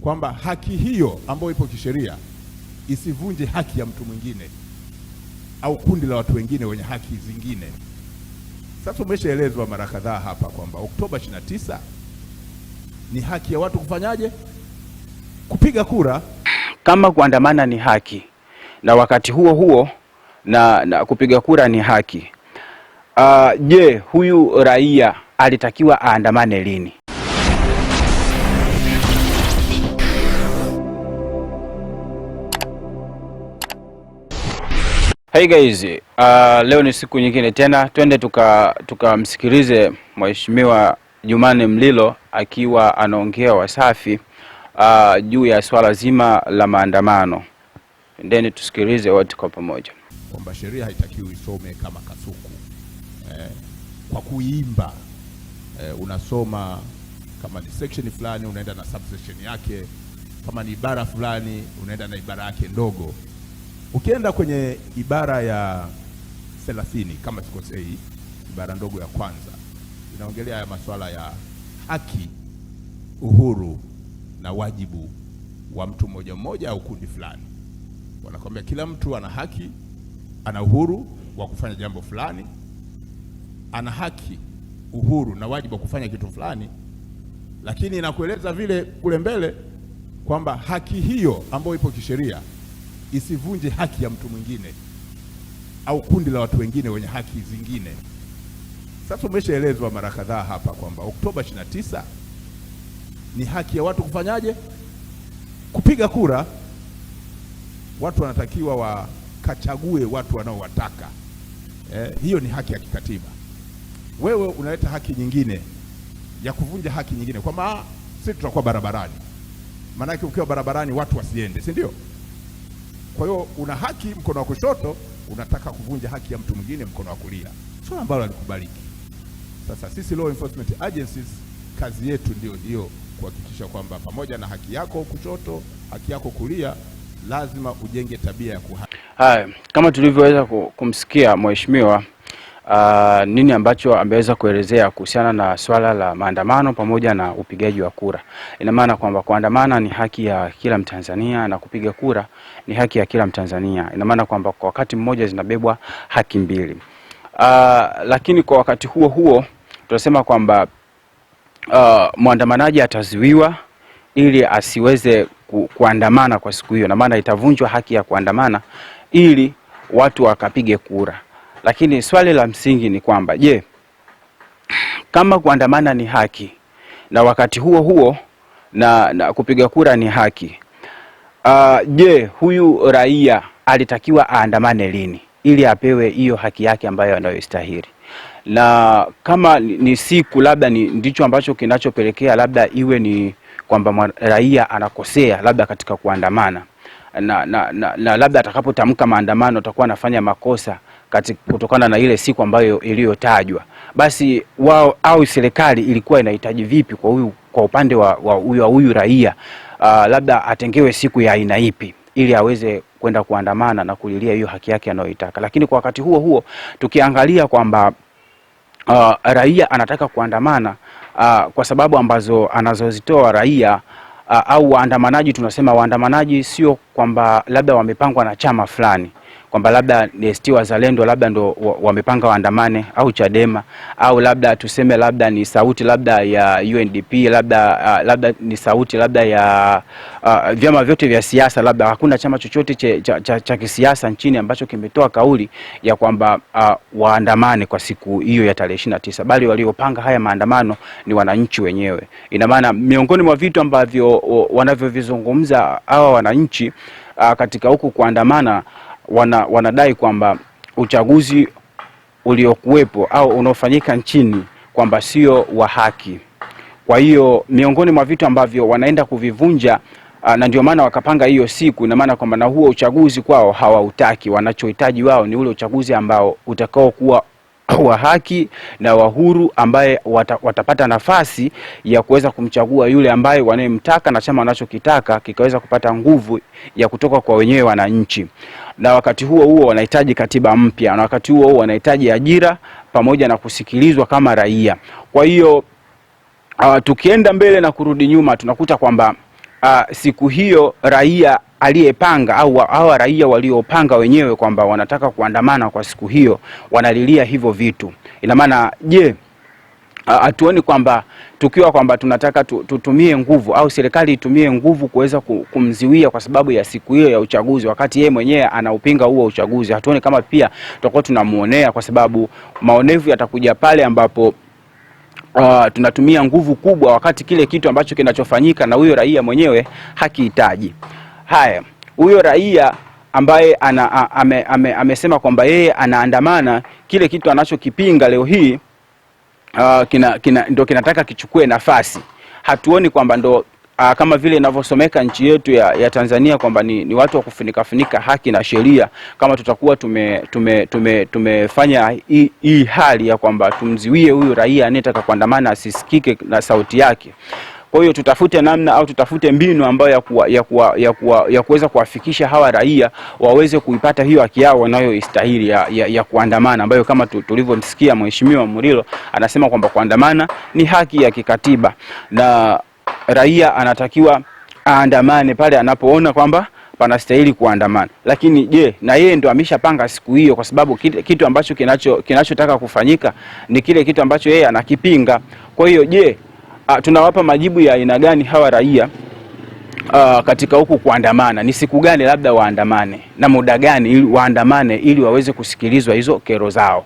kwamba haki hiyo ambayo ipo kisheria isivunje haki ya mtu mwingine au kundi la watu wengine wenye haki zingine. Sasa umeshaelezwa mara kadhaa hapa kwamba Oktoba 29 ni haki ya watu kufanyaje? Kupiga kura. Kama kuandamana ni haki na wakati huo huo na, na kupiga kura ni haki. Ah, je, huyu raia alitakiwa aandamane lini? Hey guys, uh, leo ni siku nyingine tena, twende tukamsikilize tuka Mheshimiwa Jumane Mlilo akiwa anaongea Wasafi uh, juu ya swala zima la maandamano. Twendeni tusikilize wote kwa pamoja, kwamba sheria haitakiwi isome kama kasuku eh, kwa kuimba eh, unasoma kama ni section fulani unaenda na subsection yake, kama ni ibara fulani unaenda na ibara yake ndogo Ukienda kwenye ibara ya thelathini kama sikosei, ibara ndogo ya kwanza inaongelea ya masuala ya haki, uhuru na wajibu wa mtu mmoja mmoja au kundi fulani. Wanakwambia kila mtu ana haki, ana uhuru wa kufanya jambo fulani, ana haki, uhuru na wajibu wa kufanya kitu fulani, lakini inakueleza vile kule mbele kwamba haki hiyo ambayo ipo kisheria isivunje haki ya mtu mwingine au kundi la watu wengine wenye haki zingine. Sasa umeshaelezwa mara kadhaa hapa kwamba Oktoba 29 ni haki ya watu kufanyaje? Kupiga kura. Watu wanatakiwa wakachague watu wanaowataka. Eh, hiyo ni haki ya kikatiba. Wewe unaleta haki nyingine ya kuvunja haki nyingine, kwamba sisi tutakuwa barabarani. Maanake ukiwa barabarani watu wasiende, si ndio? Kwa hiyo una haki mkono wa kushoto, unataka kuvunja haki ya mtu mwingine mkono wa kulia, swala ambalo alikubaliki. Sasa sisi law enforcement agencies kazi yetu ndio hiyo, kuhakikisha kwamba pamoja na haki yako kushoto, haki yako kulia, lazima ujenge tabia ya kuhaki. Haya, kama tulivyoweza kumsikia mheshimiwa Uh, nini ambacho ameweza kuelezea kuhusiana na swala la maandamano pamoja na upigaji wa kura. Ina maana kwamba kuandamana ni haki ya kila Mtanzania na kupiga kura ni haki ya kila Mtanzania. Ina maana kwamba kwa wakati mmoja zinabebwa haki mbili. Uh, lakini kwa wakati huo huo tunasema kwamba uh, mwandamanaji atazuiwa ili asiweze ku, kuandamana kwa siku hiyo, na maana itavunjwa haki ya kuandamana ili watu wakapige kura. Lakini swali la msingi ni kwamba je, kama kuandamana ni haki na wakati huo huo na, na kupiga kura ni haki uh, je, huyu raia alitakiwa aandamane lini ili apewe hiyo haki yake ambayo anayostahili? Na kama ni siku labda ni ndicho ambacho kinachopelekea labda iwe ni kwamba raia anakosea labda katika kuandamana na, na, na, na labda atakapotamka maandamano atakuwa anafanya makosa kutokana na ile siku ambayo iliyotajwa, basi wao au serikali ilikuwa inahitaji vipi kwa huyu, kwa upande wa huyu huyu raia uh, labda atengewe siku ya aina ipi ili aweze kwenda kuandamana na kulilia hiyo haki yake anayoitaka. Lakini kwa wakati huo huo tukiangalia kwamba uh, raia anataka kuandamana uh, kwa sababu ambazo anazozitoa raia uh, au waandamanaji, tunasema waandamanaji sio kwamba labda wamepangwa na chama fulani kwamba labda ACT Wazalendo labda ndo wamepanga waandamane au Chadema au labda tuseme labda ni sauti labda ya UNDP labda, uh, labda ni sauti labda ya uh, vyama vyote vya siasa labda hakuna chama chochote cha, cha, cha, cha kisiasa nchini ambacho kimetoa kauli ya kwamba uh, waandamane kwa siku hiyo ya tarehe ishirini na tisa bali waliopanga haya maandamano ni wananchi wenyewe. Ina maana miongoni mwa vitu ambavyo wanavyovizungumza hawa wananchi uh, katika huku kuandamana wana, wanadai kwamba uchaguzi uliokuwepo au unaofanyika nchini kwamba sio wa haki. Kwa hiyo miongoni mwa vitu ambavyo wanaenda kuvivunja ah, na ndio maana wakapanga hiyo siku, ina maana kwamba na huo uchaguzi kwao hawautaki. Wanachohitaji wao ni ule uchaguzi ambao utakao kuwa wa haki na wa huru ambaye wata, watapata nafasi ya kuweza kumchagua yule ambaye wanayemtaka na chama wanachokitaka kikaweza kupata nguvu ya kutoka kwa wenyewe wananchi. Na wakati huo huo wanahitaji katiba mpya, na wakati huo huo wanahitaji ajira pamoja na kusikilizwa kama raia. Kwa hiyo uh, tukienda mbele na kurudi nyuma tunakuta kwamba uh, siku hiyo raia aliyepanga au hawa raia waliopanga wenyewe kwamba wanataka kuandamana kwa siku hiyo wanalilia hivyo vitu. Ina maana je, hatuoni kwamba tukiwa kwamba tunataka tutumie nguvu au serikali itumie nguvu kuweza kumziwia kwa sababu ya siku hiyo ya uchaguzi, wakati yeye mwenyewe anaupinga huo uchaguzi? Hatuoni kama pia tutakuwa tunamuonea kwa sababu maonevu yatakuja pale ambapo uh, tunatumia nguvu kubwa, wakati kile kitu ambacho kinachofanyika na huyo raia mwenyewe hakihitaji. Haya, huyo raia ambaye ana, ame, ame, amesema kwamba yeye anaandamana, kile kitu anachokipinga leo hii uh, kina, kina, ndo kinataka kichukue nafasi. Hatuoni kwamba ndo aa, ah, kama vile inavyosomeka nchi yetu ya, ya Tanzania kwamba ni, ni watu wa kufunika funika haki na sheria, kama tutakuwa tume, tume, tume, tumefanya hii hali ya kwamba tumziwie huyu raia anayetaka kuandamana asisikike na sauti yake. Kwa hiyo tutafute namna au tutafute mbinu ambayo ya kuweza ya kuwa, ya kuwa, ya kuwafikisha hawa raia waweze kuipata hiyo haki yao wanayoistahili ya, ya, ya kuandamana, ambayo kama tulivyomsikia Mheshimiwa Murilo anasema kwamba kuandamana ni haki ya kikatiba na raia anatakiwa aandamane pale anapoona kwamba panastahili kuandamana. Lakini je, na yeye ndo ameshapanga siku hiyo? Kwa sababu kitu ambacho kinacho kinachotaka kufanyika ni kile kitu ambacho yeye anakipinga. Kwa hiyo je, tunawapa majibu ya aina gani hawa raia a, katika huku kuandamana? Ni siku gani labda waandamane na muda gani ili waandamane ili waweze kusikilizwa hizo kero zao?